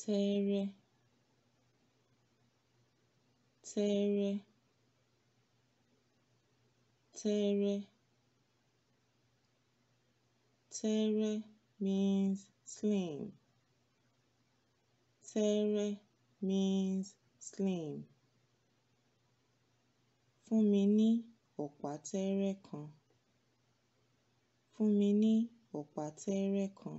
Tẹ́ẹ́rẹ́, tẹ́ẹ́rẹ́, tẹ́ẹ́rẹ́. Tẹ́ẹ́rẹ́ means slim. Tẹ́ẹ́rẹ́ means slim. Fún mi ní ọ̀pá tẹ́ẹ́rẹ́ kan. Fún mi ní ọ̀pá tẹ́ẹ́rẹ́ kan.